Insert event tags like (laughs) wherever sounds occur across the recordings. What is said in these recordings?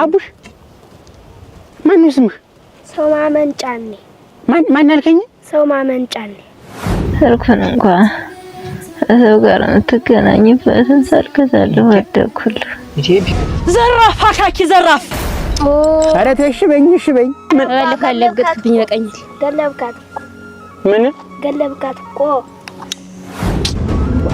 አቡሽ ማን ነው ስምህ? ሰው ማመን ጫኔ። ማን ማን አልከኝ? ሰው ማመን ጫኔ ስልኩን እንኳን ሰው ጋር የምትገናኝበትን ስልክ ዘለው ወደኩልህ። ዘራፍ፣ አካኪ ዘራፍ። ኧረ ተይ እሺ በይኝ፣ እሺ በይኝ። ምን ገለብካት? ምን ገለብካት እኮ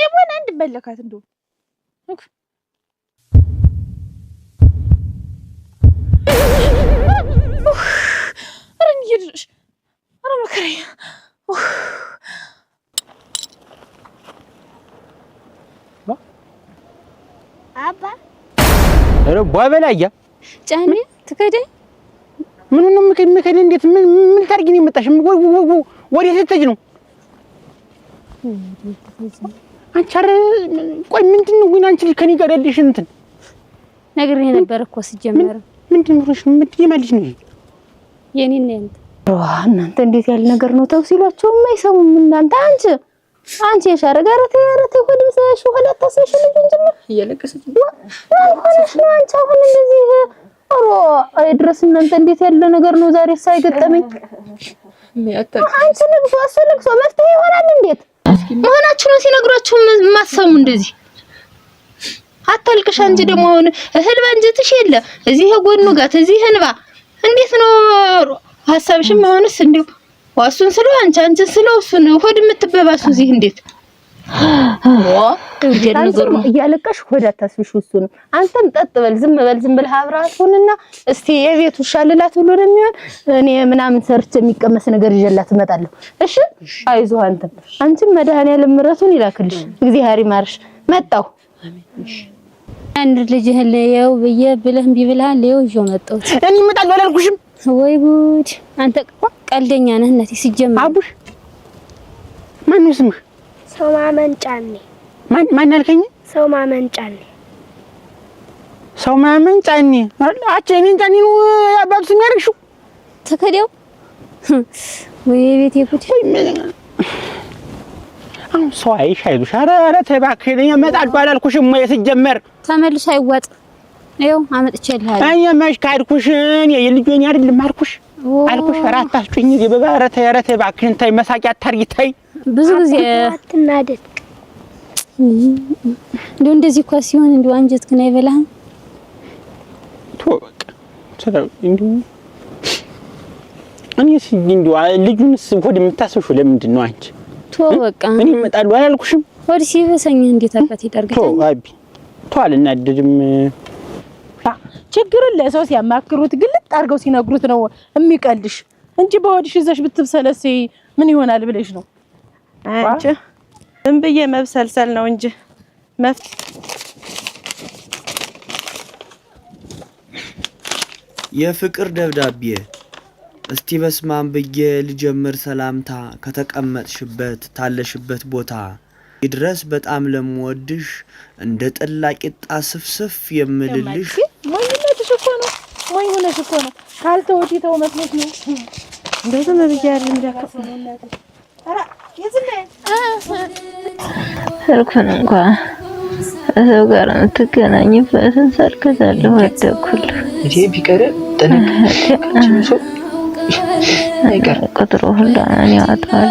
ይሆን አንድ በለካት እንዶ አባ አረ በላያ ጫኔ ትከደኝ ምን ነው ምከን እንዴት ምን ምን ታርጊ ነው የመጣሽ? ወዴት ልትሄጂ ነው? አንቺ ኧረ ቆይ ምንድን ነው አንቺ ልጅ ከኔ ጋር ያለሽ እንትን ነግሬህ ነበር እኮ ሲጀመር። ምንድን ብሎሽ ምንድን የማልሽ ነው የኔ ነኝ። እናንተ እንዴት ያለ ነገር ነው? ተው ሲሏቸው የማይሰሙም እናንተ። አንቺ አንቺ የሻረ ጋር ተያረተ ወደሰሽ ወላ ተሰሽ ልጅ እንጂ እየለቀሰች ሆነሽ ነው አንቺ አሁን እንደዚህ ሮ ድረስ እናንተ እንዴት ያለ ነገር ነው? ዛሬ ሳይገጠመኝ አንቺ ልቅሶ እሱ ልቅሶ መፍትሄ ይሆናል እንዴት መሆናችሁ ነው ሲነግሯችሁ የማትሰሙ እንደዚህ አታልቅሻ እንጂ ደግሞ አሁን እህል ባንጀትሽ የለ እዚህ የጎኑ ጋት እዚህ እንባ እንዴት ነው ሀሳብሽም? አሁንስ እንዲሁ ዋሱን ስለው አንቺ አንቺን ስለው እሱን ሆድ የምትበባሱ እዚህ እንዴት እያለቀሽ ሆድ አታስብሽ። እሱንም አንተም ጠጥ በል ዝም በል ዝም ብለህ አብረሃት እስቲ የቤት ውሻ ልላት ብሎ ነው የሚሆን። እኔ ምናምን ሰርች የሚቀመስ ነገር ይዤላት እመጣለሁ። እሺ አይዞህ። አንተም አንቺም መድኃኒዓለም ምሕረቱን ይላክልሽ። እግዚአብሔር ይማርሽ። መጣሁ አንድ ልጅህን ለየው ብዬ ብለህ እምቢ ብለሃል። ለየው ይዤው መጣሁት። እኔ እመጣለሁ አላልኩሽም ወይ? ጉድ አንተ ቀልደኛ ነህ። እናቴ ሲጀመር አቡሽ ማነው ስምህ? ሰው ማመን ማን ማን አልከኝ? ሰው ማመን ሰው ማመን ጫኔ። እኔን ጫኔ አባቱ ስም ያደርግሽው ተከዲያው ወይ ቤት ይኩት አሁን ሰው አይሽ አይዞሽ። ኧረ ኧረ ተይ እባክሽ ለኛ እመጣለሁ አላልኩሽም ወይ ስጀመር ተመልሽ አይዋጥ ይኸው አመጥቼልሃለሁ። እኔ መች ካድኩሽ እኔ የልጆን አይደለም አልኩሽ አልኩሽ። ኧረ አታስጩኝ። ኧረ ተይ እባክሽን ተይ፣ መሳቂያ አታርጊ ተይ ብዙ ጊዜ አትናደድ። እንደው እንደዚህ እኮ ሲሆን እንደው አንጀት ግን አይበላህም? ቶ በቃ ሰላም እንደው እኔስ እንደው ልጁንስ ሆድ የምታስብሽው ለምንድን ነው አንቺ? ቶ በቃ እኔ እመጣለሁ አላልኩሽም? ሆድ ሲበሰኝ እንዴት አባት ይጠርግታል? ቶ አቢ ቶ አልናደድም። ችግርን ለሰው ሲያማክሩት ግልጥ አድርገው ሲነግሩት ነው የሚቀልሽ እንጂ በሆድሽ ይዘሽ ብትብሰለሴ ምን ይሆናል ብለሽ ነው አንቺ ዝም ብዬ መብሰልሰል ነው እንጂ መፍ የፍቅር ደብዳቤ እስቲ በስማም ብዬ ልጀምር ሰላምታ ከተቀመጥሽበት ታለሽበት ቦታ ይድረስ በጣም ለምወድሽ እንደ ጠላ ቂጣ ስፍስፍ የምልልሽ። ሞኝነትሽ እኮ ነው፣ ሞኝ ሆነሽ እኮ ነው። ካልተወዲተው መስሎት ነው እንደዚህ ስልኩን እንኳን ከሰው ጋር የምትገናኝበትን ስልክ ዘለ ወደኩልህ እጄ ቢቀር ቁጥሩ ሁላ እኔ ያወጣዋል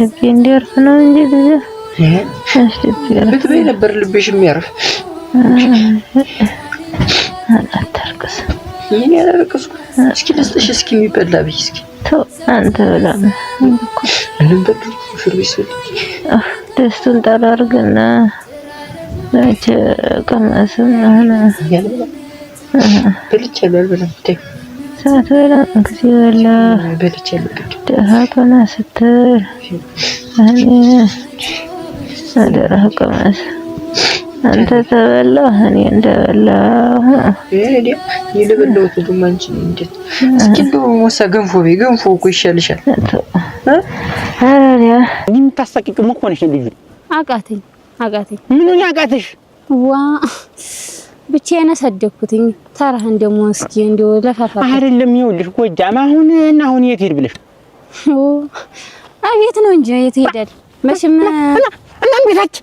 ልቤ እንዲያርፍ ነው እንጂ ብትበይ ነበር ልብሽ የሚያርፍ። አታርቅስ። ምን ያደርቅስ? እስኪ ልስጥሽ፣ እስኪ የሚበላ ብይ። እስኪ ተው አንተ ብላ። ምንም በሉ ፍርቢስ ደስቱን ናቸ ቀመስም ሆነ በልቻለሁ። አልበላም ሰዓት በላ ጊዜ በላ ደሃ ቀና ስትል አደረግመት አንተ ተበላህ እኔ እንደበላህ የለበላሁት ሞሳ ገንፎ ቤ ገንፎ እኮ ይሻልሻል። የምታሳቅቂው እኮ ነሽ። ልጁ አቃተኝ አቃተኝ። ምኑን አቃተሽ? ዋ ብቻዬን አሳደግኩትኝ። ተራህን ደግሞ እስኪ እንደው ለፋፋ አይደለም። ይኸውልሽ ጎጃም አሁን እና አሁን የት ሄድ ብለሽ አቤት ነው እንጂ የት ሄዳል መቼም እናም ቤታች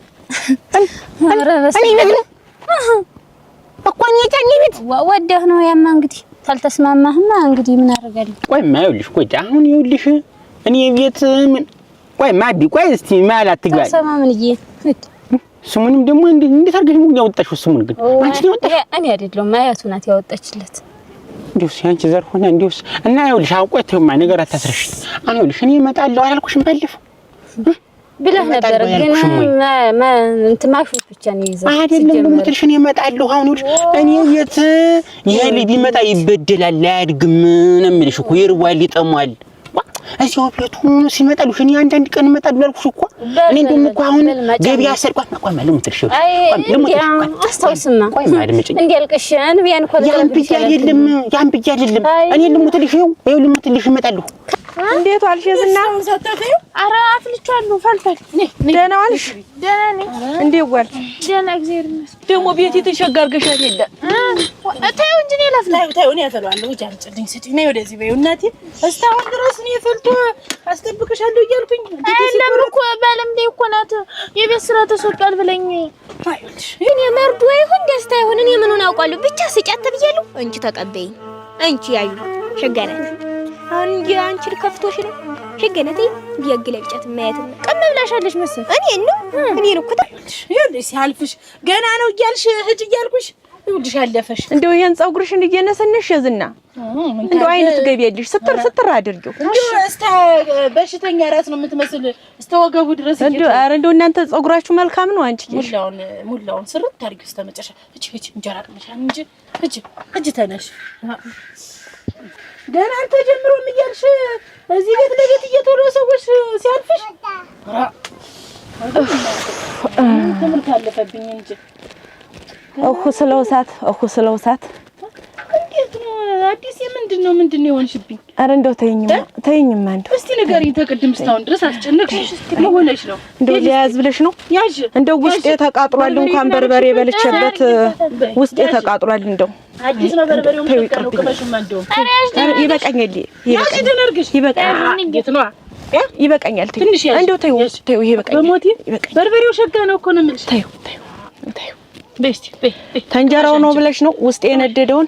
እኮ እኔ ጫኝ ቤት ወደህ ነው ያማ። እንግዲህ ካልተስማማህማ እንግዲህ ምን አደርጋለሁ? ቆይማ ይኸውልሽ፣ ቆይ አሁን ይኸውልሽ፣ እኔ ቤት ምን ቆይማ፣ አቢ ቆይ እስቲ መሀል አትግባል። ሰማ ምን እዬ ስሙንም ደግሞ እንዴት አድርገሽ ነው ያወጣሽው? ስሙን ግን አንቺ ነው ያወጣሽ፣ እኔ አይደለሁም አያቱ ናት ያወጣችለት። እንዲሁስ ያንቺ ዘር ሆነ እንዲሁስ እና ይኸውልሽ፣ አውቆ ተውማ ነገር አታስረሽ። አሁን ይኸውልሽ፣ እኔ እመጣለሁ አላልኩሽም ባለፈው ብለህ ነበር ግን እንትን አይደለም እኔ እመጣለሁ አሁን እኔ የት ይሄ ቢመጣ ይበደላል፣ አያድግም ነው የምልሽ እኮ ይርዋል፣ ይጠሟል። እዚያው ቤቱ ሲመጣልሽ እኔ አንዳንድ ቀን እመጣለሁ አልኩሽ እኮ። እኔ እንደውም እኮ አሁን ገበያ ሰርቋት ማቋም ማለት የምትልሽ አስታውስማ። እንዲህ አልቅሽ ያን ብዬሽ አይደለም ያን ብዬሽ አይደለም እኔ ልሙትልሽ፣ ይኸው ይኸው ልሙትልሽ እመጣለሁ እንዴት ዋልሽ? ዝና ኧረ አፍልቻለሁ። ፈልፈል ደህና ዋልሽ? ደህና ነኝ። እንዴት ዋልሽ? ደህና እግዚአብሔር ይመስገን። ደግሞ ቤት የተሸጋ ገሻት የለ ተይው እንጂ እኔ ላፍልህ። ተይው እኔ አፈለዋለሁ። ውጭ አምጪልኝ ስጪ ነይ ወደዚህ በይው። እናቴ እስካሁን ድረስ እኔ ፈልቶ አስጠብቅሻለሁ እያልኩኝ አይደለም እኮ በለምዴ እኮ ናት የቤት ስራ ተሰጧል ብለኝ እኔ መርዶ ይሁን ደስታ ይሁን እኔ ምኑን አውቃለሁ። ብቻ ስጫት ተብያለሁ። አንቺ ተቀበይኝ። አንቺ ያዩ ሸጋ አሁን እንጂ አንቺን ከፍቶሽ ነው። ህገነቴ ቢያግለ ብጫት ማየት ነው። ቀን መብላሻለሽ እኔ ነው እኔ ነው ሲያልፍሽ ገና ነው እያልሽ ሂድ እያልኩሽ ይኸውልሽ አለፈሽ። እንደው ይሄን ፀጉርሽን እየነሰነሽ ያዝና እንደው አይነት ገቢያለሽ ስትር ስትር አድርጊው። እንደው እስተ በሽተኛ ራስ ነው የምትመስል ወገቡ ድረስ እንደው እንደው እናንተ ፀጉራችሁ መልካም ነው። አንቺ ሙላውን ሙላውን ስርት መጨረሻ። እጅ እጅ እንጀራ ቅመሻ እንጂ እጅ እጅ ተነሽ ገና አልተጀምሮም እያልሽ እዚህ ቤት ለቤት እየተወረ ሰዎች ሲያልፍሽ ትምህርት አለፈብኝ እንጂ እሁ ስለውሳት እሁ ስለውሳት አዲስ የምንድን ነው ምንድን ነው የሆንሽብኝ? ኧረ እንደው ተይኝማ ተይኝማ፣ እንደው እስቲ ንገሪኝ። ተቅድም እስካሁን ድረስ አስጨነቅሽ። ምን ሆነሽ ነው? እንደው ሊያዝ ብለሽ ነው? ያዥ እንደው ውስጤ ተቃጥሏል። እንኳን በርበሬ በልቼበት ውስጤ ተቃጥሏል። እንደው አዲስ ነው በርበሬው። ምን ይቀርብኝ? ይበቃኛል፣ ይበቃኛል ይበቃኛል ትንሽ ያዝ። እንደው ተይው ተይው፣ ይሄ በቃ በሞቴ በርበሬው ሸጋ ነው እኮ ነው የምልሽ። ተይው ተይው ተይው። በስቲ ተንጀራው ነው ብለሽ ነው ውስጤ የነደደውን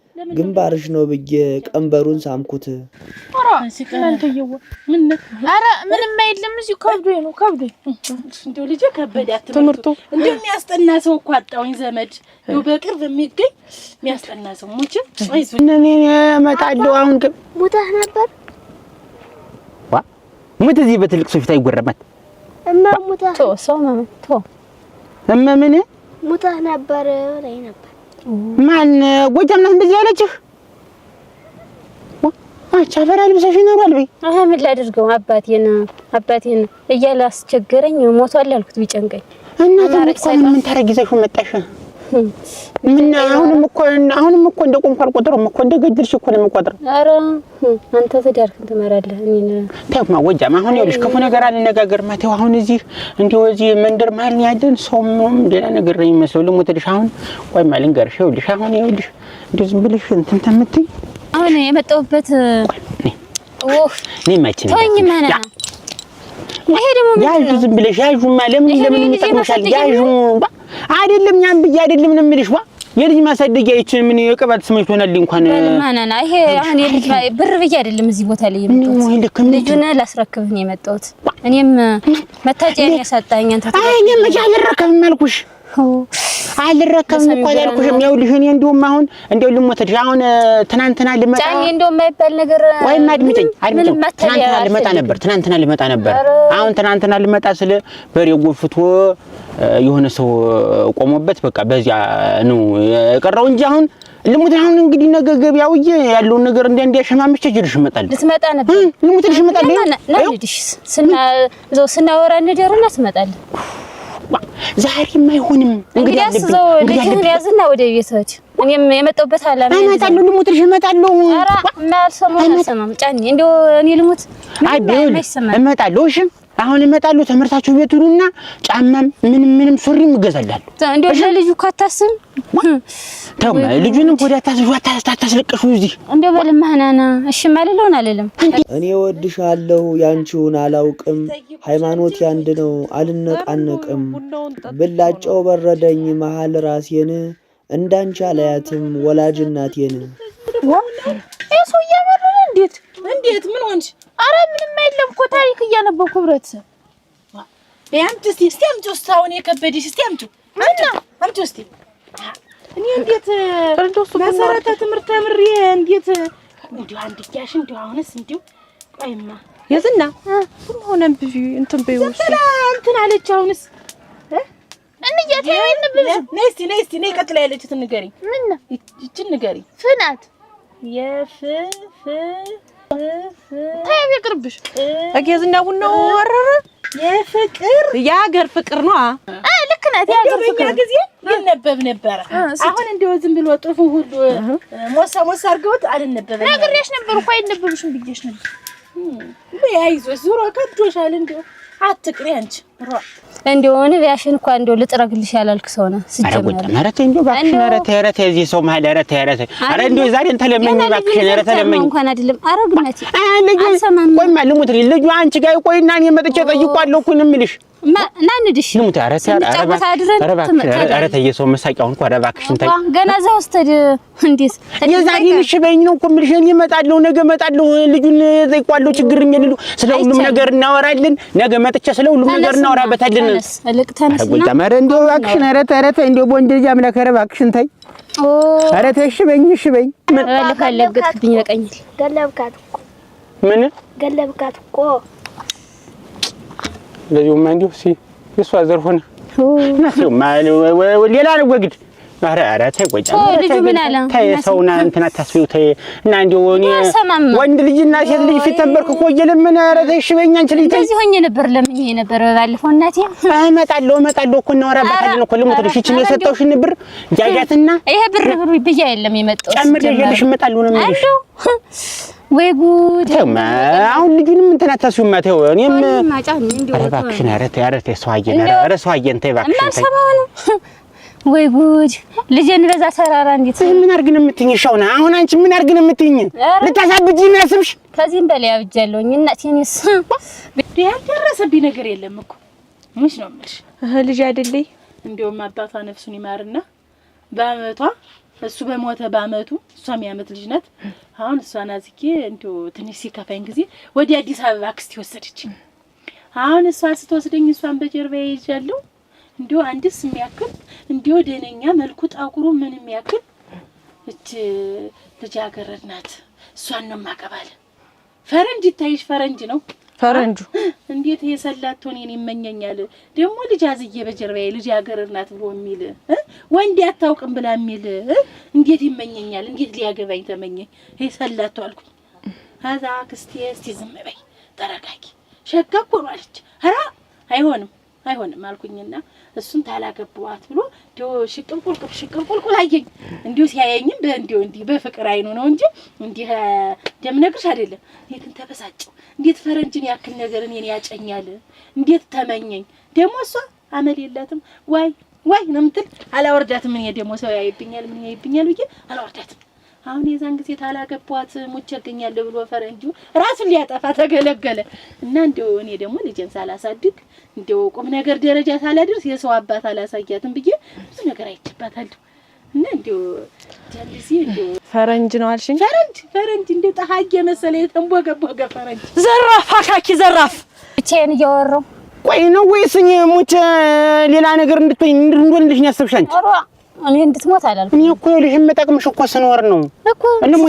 ግንባርሽ ነው ብዬ ቀንበሩን ሳምኩት። ምንም አይልም። እዚሁ ከብዶኝ ነው ከብዶኝ። እንደው ልጄ ከበደ ትምህርቱ እንደው የሚያስጠና ሰው እኮ አጣሁኝ። ዘመድ እንደው በቅርብ የሚገኝ የሚያስጠና ሰው ሙች እኔ እመጣለሁ። አሁን ግን ሙተህ ነበር። ዋ ሙት እዚህ በትልቅ ሰው ፊት አይጎረማት። እማ ሙተህ ቶ ሰው እማ ምን ሙተህ ነበር ላይ ነበር ማን ጎጃም ናት እንደዚህ ያለችህ? አቻ ፈራ ልብሰሽ ይኖራል በይ። አሃ ምን ላድርገው አባቴን አባቴን እያለ አስቸገረኝ ሞቷል አልኩት ቢጨንቀኝ እና ታሪክ ምን ታረጊ ይዘሽው መጣሽ? ምን አሁንም እኮ አሁንም እኮ እንደ ቆምኩ አልቆጥረውም እኮ እንደ ገጀርሽ እኮ ነው የምቆጥረው። ኧረ አንተ ትዳርክን ትመራለህ። እኔ ተውማ ወጃም አሁን ይኸውልሽ ክፉ ነገር አልነጋገርማ። ተው አሁን እዚህ እንዲሁ እዚህ መንደር መሀል ነው ያለን። ሰውም ሌላ ነገር ነው የሚመስለው። ልሙትልሽ አሁን ቆይማ ልንገርሽ። ይኸውልሽ አሁን ይኸውልሽ እንዲሁ ዝም ብለሽ እንትን ተምትይ አሁን የመጣሁበት ይሄ ደግሞ ያዡ ዝም ብለሽ ያዡማ ለምን ለምን ይጠቅምሻል? ያዡ አይደለም ያን ብዬ አይደለም ነው የምልሽ። ዋ የልጅ ማሳደጊያ ይችን ምን የቅባት ስሞች ሆነልኝ እንኳን ማናና ይሄ አሁን የልጅ ብር ብዬ አይደለም እዚህ ቦታ ላይ የምትወት ልጁን ላስረክብህ ነው የመጣሁት። እኔም መታጨኝ የሚያሳጣኝ አንተ አይ እኔም ያልረከብም አልኩሽ አልረከብም እኮ አላልኩሽም? ይኸውልሽ እኔ እንደውም አሁን እንደው ልሞትልሽ አሁን ትናንትና ልመጣ ወይም አድምጪኝ አድምጪኝ ትናንትና ልመጣ ነበር ትናንትና ልመጣ ነበር። አሁን ትናንትና ልመጣ ስለ በሬ ጎፍቶ የሆነ ሰው ቆሞበት በቃ በዚያ ነው የቀረው እንጂ አሁን ልሙት አሁን እንግዲህ ነገ ገበያ ውዬ ያለውን ነገር እንደ እንደ እንዲያሸማምቼ እጅልሽ እመጣለሁ። ልትመጣ ነበር ልሙት ልሽ እመጣለሁ። ስናወራ እንደርና ትመጣለህ ዛሬም አይሆንም። እንግዲህ ያዝና ወደ ቤት እኔም የመጣሁበት አለ እመጣለሁ፣ ልሙት እመጣለሁ። ኧረ የማያልሰማው ጫኔ፣ እንደው እኔ ልሙት። እመጣለሁ። እሺ አሁን ይመጣሉ። ትምህርታችሁ ቤት ሁሉና ጫማም ምንም ምንም ሱሪም እገዛላለሁ። እንደው ለልጁ እኮ አታስብ ተው። ልጁንም ወደ አታስለቅሹ። እዚህ እንደው በልማህ ና ና። እሺ ማለለውን አለለም። እኔ ወድሻለሁ፣ ያንቺውን አላውቅም። ሃይማኖት ያንድ ነው፣ አልነቃነቅም። ብላጨው በረደኝ መሀል ራሴን እንዳንቺ አላያትም ወላጅ እናቴን። ዋ እሱ እያበረረ እንዴት እንዴት ምን ሆንሽ? አረ ምንም የለም እኮ ታሪክ እያነበብኩ ህብረተሰብ ያምጡ እስቲ እስቲ አምጪ ውስጥ አሁን የከበደሽ እስቲ አምጪ አምጪ ውስጥ እኔ እንዴት መሰረተ ትምህርት ተምሬ እንዴት እንዲሁ አንድያሽ እንዲሁ አሁንስ እንዲሁ ቆይማ የዝና ምን ሆነ ብዙ እንትን በይው እንትን አለች አሁንስ እንያት ያይን ብዙ ነይ እስቲ ነይ እስቲ ነይ ቀጥላ ያለችትን ንገሪኝ ምን ይችን ንገሪኝ ፍናት የፍ ፍ ይቅርብሽ። እጌዝና ቡናው ወረረ። የፍቅር የሀገር ፍቅር ነው። ልክ ናት። የሀገር ፍቅር ጊዜ ይነበብ ነበረ። አሁን እንደው ዝም ብሎ ጥፉ ሁሉ ሞሳ ሞሳ አድርገውት አልነበበም። ነግሬሽ ነበር እኮ አይነበብሽም ብዬሽ ነበር። አይዞሽ ዙሮ ከዶሻል። እንደው አትቅሪ አንቺ እንደሆነ ቢያሽን እንኳን እንደው ልጥረግልሽ ያላልክ ሰው ነው። ሲጀመር ኧረ ተይ እንደው እባክሽን፣ ኧረ ተይ፣ ኧረ ተይ፣ እዚህ ሰው መሀል ኧረ ተይ፣ ኧረ ተይ፣ ኧረ እንደው እባክሽን፣ ኧረ እንኳን አይደለም። ቆይማ ልሙት ልጁ አንቺ ጋር እኔ መጥቼ እኮ ነው ልሙት ኧረ ተይ፣ ኧረ እባክሽን፣ ኧረ ተይ፣ የሰው እኮ ኧረ እባክሽን ተይ። ገና እንዴት እሺ በይኝ ነው እኮ የምልሽ። እኔ እመጣለሁ፣ ነገ እመጣለሁ፣ ልጁን ችግር ስለ ሁሉም ነገር እናወራለን። ነገ መጥቼ ስለ ሁሉም ነገር እናወራበታለን። እባክሽን ኧረ ተይ ኧረ ተይ እንደው በወንድ ልጅ አምላክ ኧረ እባክሽን ተይ ኧረ ተይ እሺ በይኝ እሺ በይኝ። ምን ገለብካት እኮ እንደዚሁማ እንደው እስኪ የእሷ ዘር ሆነ ሌላ ነው ኧረ ኧረ ተይ ቆይ ልጁ ምን አለ? ተይ ሰውና እንትና ታስቢው ተይ እና እንደው እኔ ወንድ ልጅና ሴት ልጅ ፊት ነበርኩ እኮ እየለመነ ኧረ ተይ እሺ በይኝ አንቺ ልጅ ተይ። እንደዚህ ሆኜ ነበር ለምኜ ነበር በባለፈው እናቴ። እመጣለሁ እመጣለሁ እኮ እናወራበታለን እኮ ልሞት ልሽ ይችን የሰጠሁሽን ብር ጃጃትና ይሄ ብር ብሩ ብያ የለም የመጣሁት ጨምሬልሽ እመጣለሁ ነው የምልሽ። ወይ ጉድ! አሁን ልጁንም እንትን አታስቢው ማተው እኔም ኧረ እባክሽን ኧረ ተይ ኧረ ተይ ሰው አየን ኧረ ሰው አየን ተይ እባክሽን ተይ ወይ ጉድ! ልጄን በዛ ተራራ እንዴት ምን አድርግ ነው የምትይኝ? ሻውና አሁን አንቺ ምን አድርግ ነው የምትይኝ? ልታሳብጂ ነው ያስብሽ? ከዚህም በላይ አብጃለሁኝ። እናቴን ይስ ያልደረሰብኝ ነገር የለም እኮ ምንሽ ነው የምልሽ? እህ ልጅ አይደለኝ። እንደውም አባቷ ነፍሱን ይማርና በአመቷ እሱ በሞተ በአመቱ እሷ የሚያመት ልጅ ናት። አሁን እሷን አዝጌ እንዲሁ ትንሽ ሲከፋኝ ጊዜ ወደ አዲስ አበባ አክስቴ ወሰደች። አሁን እሷ ስትወስደኝ እሷን በጀርባ ይዣለሁ እንዲሁ አንድስ የሚያክል እንዲሁ ደነኛ መልኩ ጠጉሩ ምን የሚያክል እች ልጃገረድ ናት። እሷን ነው ማቀባል። ፈረንጅ ይታይሽ፣ ፈረንጅ ነው ፈረንጁ። እንዴት የሰላት የሰላቶን እኔን ይመኘኛል። ደግሞ ልጅ አዝዬ በጀርባዬ ልጃገረድ ናት ብሎ የሚል ወንድ አታውቅም ብላ የሚል እንዴት ይመኘኛል። እንዴት ሊያገባኝ ተመኘ። የሰላት አልኩኝ። ከዛ ክስቴ እስቲ ዝም በይ ተረጋጊ፣ ሸጋ እኮ ነው አለች። ኧረ አይሆንም አይሆንም አልኩኝና እሱን ታላገባዋት ብሎ እንዲሁ ሽቅንቁልቁል ሽቅንቁልቁል አየኝ። እንዲሁ ሲያየኝም እንዲሁ እንዲህ በፍቅር አይኑ ነው እንጂ እንዲህ እንደምነግርሽ አይደለም። እንዴትን ተበሳጨው። እንዴት ፈረንጅን ያክል ነገር እኔን ያጨኛል? እንዴት ተመኘኝ? ደግሞ እሷ አመል የላትም ዋይ ዋይ ነው የምትል። አላወርዳትም እኔ ደግሞ ሰው ያይብኛል ምን ያይብኛል ብዬ አላወርዳትም አሁን የዛን ጊዜ ታላገቧት ሙቼ እገኛለሁ ብሎ ፈረንጁ ራሱን ሊያጠፋ ተገለገለ እና እንደው እኔ ደግሞ ልጄን ሳላሳድግ እንደው ቁም ነገር ደረጃ ሳላደርስ የሰው አባት አላሳያትም ብዬ ብዙ ነገር አይችባታለሁ። እና እንደው ጀልሲ እንደው ፈረንጅ ነው አልሽኝ? ፈረንጅ ፈረንጅ እንደው ጠሃየ መሰለ የተንቦገቦገ ፈረንጅ ዘራፍ፣ አካኪ ዘራፍ። ብቻዬን እያወራሁ ቆይ ነው ወይስ ሙቼ ሌላ ነገር እንድትሆኝ እንድንወልሽ ያሰብሻንች እኔ እንድትሞት አላልኩም። እኔ እኮ ይኸውልሽ የምጠቅምሽ እኮ ስኖር ነው እኮ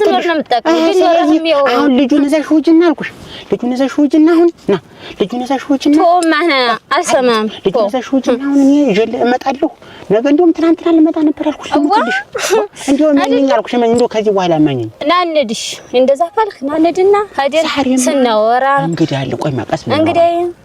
ስኖር ነው የምጠቅምሽ። አሁን ልጁን እዛ ሽውጅና አልኩሽ። ልጁን እዛ ሽውጅና አሁን ና ልጁን እዛ ሽውጅና ማህና አልሰማም። ልጁን እዛ ሽውጅና አሁን እኔ ይዤ እመጣለሁ ነገ። እንደውም ትናንትና ልመጣ ነበር አልኩሽ። ልምትልሽ እንደውም እኔ አልኩሽ ምን እንደው ከዚህ በኋላ ማኝኝ ናንድሽ እንደዛ ካልክ ናንድና ሀደን ስናወራ እንግዲህ አለ ቆይ ማቀስ እንግዲህ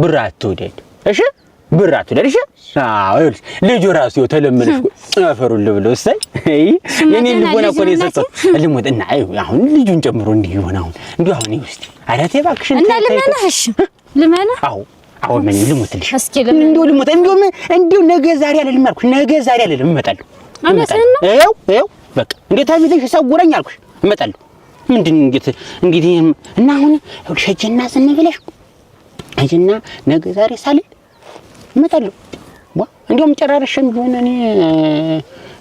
ብር አትውደድ፣ እሺ? ብር አትውደድ፣ እሺ? አዎ፣ ይኸውልሽ ልጁ ራሱ ይኸው ተለመደሽ አፈሩን ልብሎ እሰይ፣ የኔ ልቦና እኮ ነው የሰጠው ልሞት እና አሁን ልጁን ጨምሮ እንዲህ ይሆን አሁን እንዲሁ አሁን ይኸው እስኪ ኧረ ተይ እባክሽን እና ልመናህ፣ እሺ? ልመናህ አዎ አሁን ምን ልሞትልሽ? እስኪ ለምን እንደው ልሞት እንደው እንደው ነገ ዛሬ አይደለም አልኩሽ፣ ነገ ዛሬ አይደለም እመጣለሁ። እመጣለሁ። ይኸው ይኸው በቃ እንዴት አብይተሽ ሰጉረኝ አልኩሽ፣ እመጣለሁ። ምንድን እንዴት እንግዲህ እና አሁን ሸጀና ዝም ብለሽ እጅና ነገ ዛሬ ሳልል እመጣለሁ። ዋ እንዲሁም ጨራረሽም ቢሆን እኔ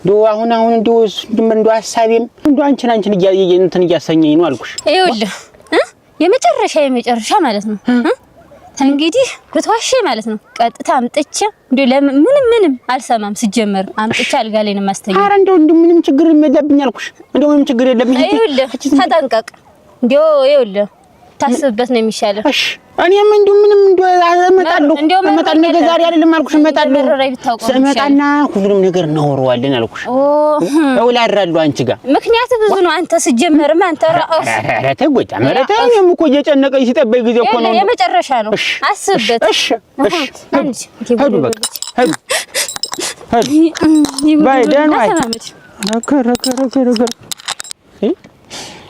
እንዲሁ አሁን አሁን እንዲሁ እንዲሁ ሀሳቤም እንዲሁ አንቺን አንቺን እንትን እያሰኘኝ ነው አልኩሽ። ይኸውልህ የመጨረሻ የመጨረሻ ማለት ነው እንግዲህ ብትዋሽ ማለት ነው። ቀጥታ አምጥቼ እንዲሁ ምንም ምንም አልሰማም። ሲጀመር አምጥቼ አልጋ ላይ ነው የማስተኛው። ኧረ እንደው እንደው ምንም ችግር የለብኝ አልኩሽ። እንደው ምንም ችግር የለብኝ። ይኸውልህ ተጠንቀቅ። እንደው ይኸውልህ ታስብበት ነው የሚሻለው። እሺ እኔም እንዲሁ ምንም እንዲሁ እመጣለሁ እመጣለሁ። ነገ ዛሬ አይደለም አልኩሽ፣ እመጣለሁ። ስመጣና ሁሉንም ነገር እናወራዋለን አልኩሽ። እውላድራለሁ አንቺ ጋር ምክንያቱ ብዙ ነው። አንተ ስጀመርም አንተ ራስ ኧረ ተይ ጎጃ ኧረ ተይ። እኔም እኮ እየጨነቀኝ ሲጠበኝ ጊዜ እኮ ነው። የመጨረሻ ነው። አስብበት። እሺ፣ እሺ፣ ሂዱ በቃ ሂዱ፣ ሂዱ። ባይ ደህና ዋይ ረከ ረከ ረከ ረከ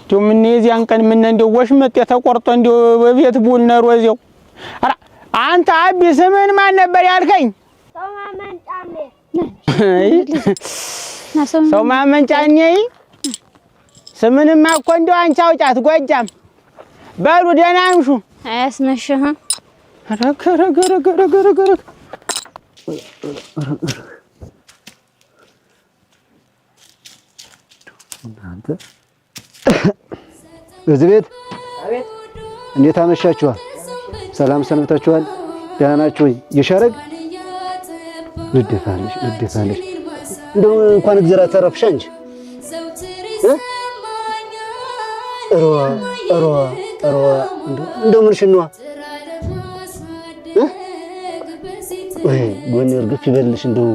እንዲሁ ምን የዚያን ቀን ምን እንዲሁ ወሽመጤ ተቆርጦ እንዲሁ በቤት ቡል ነሮ እዚያው። ኧረ አንተ አቢ ስምን ማን ነበር ያልከኝ? ሰው ማመን ጫኔ። (laughs) ስምንማ እኮ እንዲሁ አንቺ አውጫት ጎጃም። በሉ ደህና አምሹ። አያስመሽህም። እዚህ (coughs) ቤት እንዴት አመሻችኋል? ሰላም ሰንብታችኋል? ደህና ናችሁ ወይ? የሻረግ ልደታለሽ ልደታለሽ። እንደው እንኳን እግዚአብሔር አተረፍሽ እንጂ እሮዋ እሮዋ እሮዋ እንደው ምንሽን ነዋ ወይ ጎኔ እርግፍ ይበልሽ እንደው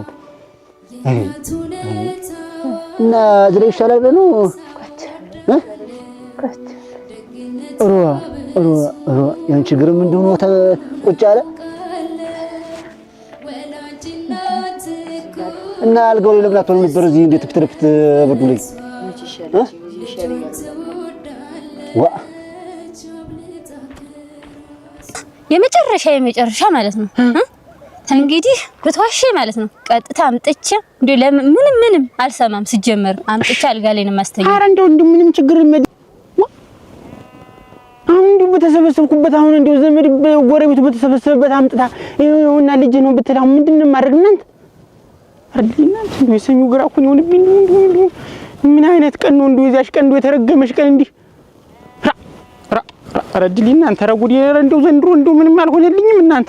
እና አዝሬ ይሻላል ነው ሩዋ ሩዋ ሩዋ እንደሆነ ቁጭ አለ እና አልጋው ላይ ለምን አትሆንም ነበር? እዚህ እንዴት ብትለፍት ብርዱ ላይ ዋ የመጨረሻ የመጨረሻ ማለት ነው። እንግዲህ ከተዋሼ ማለት ነው ቀጥታ አምጥቼ እንደ ምንም ምንም አልሰማም። ሲጀመር አምጥቼ አልጋ ላይ ነው የማስተኛው። አረ እንደው እንደው ምንም ችግር ይመድ አሁን እንደው በተሰበሰብኩበት አሁን እንደው ዘመድ ጎረቤቱ በተሰበሰበበት አምጥታ ይኸውና ልጅ ነው ብትል አሁን ምንድን ነው የማደርግ እናንተ ነው የሰኞ ግራ እኮ ነው ልብኝ እንደው ምን አይነት ቀን ነው እንደው የዚያሽ ቀን እንደው የተረገመሽ ቀን እንዲህ ራ ራ ራ ረድልና እናንተ ረጉድ እንደው ዘንድሮ እንደው ምንም አልሆነልኝም እናንተ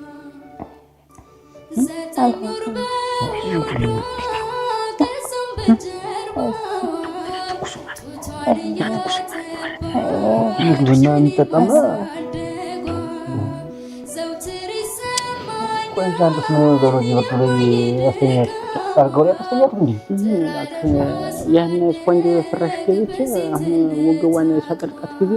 ያን ቆንጆ ፍራሽ ገቤች አሁን ወገቧን ሳጠልቃት ጊዜ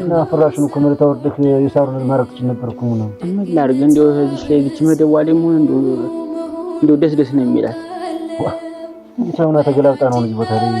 እና ፍራሹን እኮ መሬት አወርደህ የሳሩን ትችል ነበር እኮ ምን ላድርግ እንደው እዚህ ላይ ብቻ መደዋል እንደው ደስ ደስ ነው የሚላት። ሰውና ተገላብጣ ነው ቦታ ላይ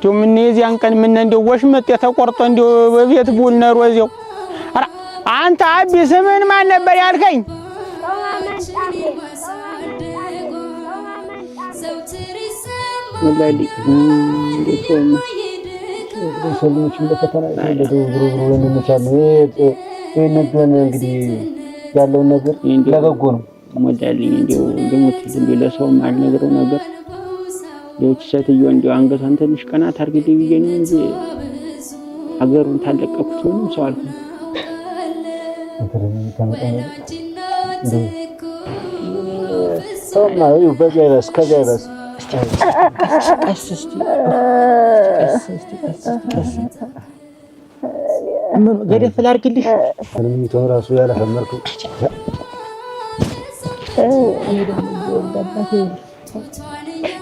እንዲሁ ምን የዚያን ቀን ምን እንዲሁ ወሽመጤ ተቆርጦ እንዲሁ በቤት ቡል ነሮ እዚያው። ኧረ አንተ አቢ ስምን ማን ነበር ያልከኝ? እንግዲህ ያለውን ነገር ለበጎ ነው። ሞላልኝ እንዲሁ ለሰውም አልነግረው ነገር ይህች ሴትዮ እንዲያው አንገቷን ትንሽ ቀና ታርግዴ ብዬ ነው እንጂ ሀገሩን ታለቀኩት ምንም ሰው አልኩ። ገደፍ ላድርግልሽ ራሱ ያለመርኩ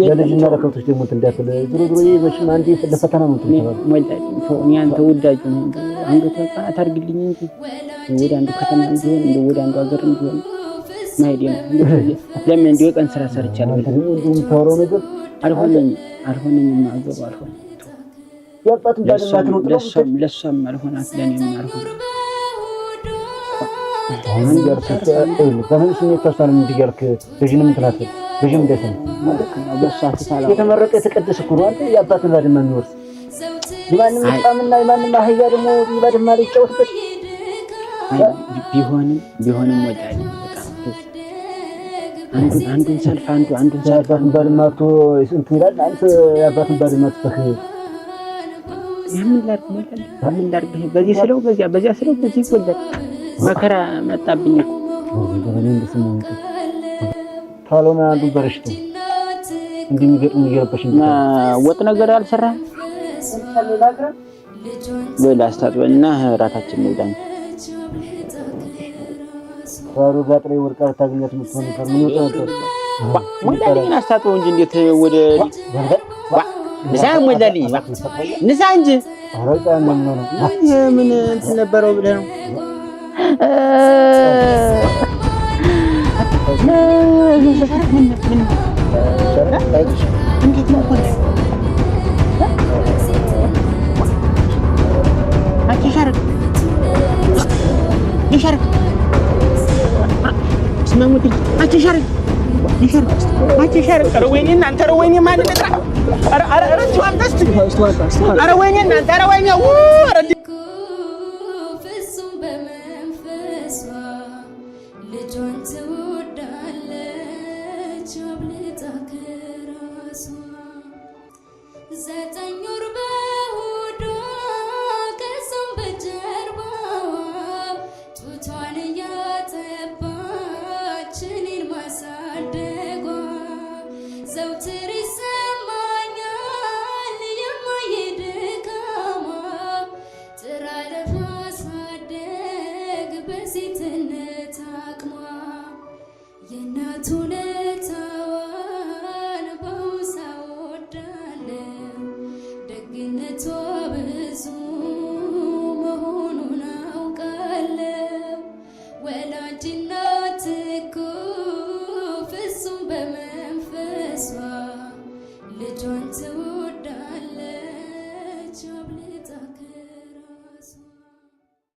ለልጅና ለከብቶች ደግሞ እንዳትል ድሮ ድሮ መቼም አንዴ ለፈተና ነው አንተ ወዳጁ አንገት አታርግልኝ እንጂ ወደ አንዱ ከተማ እንዲሆን ወደ አንዱ ሀገር እንዲሆን ማሄድ ነው። ለምን እንዲሁ የቀን ስራ ሰርቻለሁ የምታወራው ነገር አልሆነኝ አልሆነኝ ማገቡ አልሆነ ለሷም አልሆናት ለእኔም አልሆነ አሁን ስሜት ታሳንም እንዲያልክ ልጅንም ትናትል ልጅም ደከም የተመረጠ የተቀደሰ ኩሩ አንተ የአባትን ባድማ የሚወርስ የማንም ጣምና የማንም አህያ ደግሞ ባድማ ላይ ይጫወትበት ቢሆንም ቢሆንም ወዳ አንዱን ሰልፍ አንዱ አንዱን ሰልፍ የአባትን ባድማቶ እንትን ይላል። አንተ የአባትን ባድማ ትፈክ ምን ላርግ? በዚህ ስለው በዚያ በዚያ ስለው በዚህ ይጎዳል። መከራ መጣብኝ። ካልሆነ አንዱ በረሽቶ እንዲህ የሚገጥም ወጥ ነገር አልሰራም። በል አስታጥበንና እራታችን እንብላ። ባሩ ጋጥሬ ወርቃ ታገኛት ምትሆን ሞላልኝ አስታጥበው እንጂ እንዴት ወደ ንሳ ሞላልኝ ንሳ እንጂ ምን እንትን ነበረው ብለህ ነው ኧረ ወይኔ እናንተ ወይኔ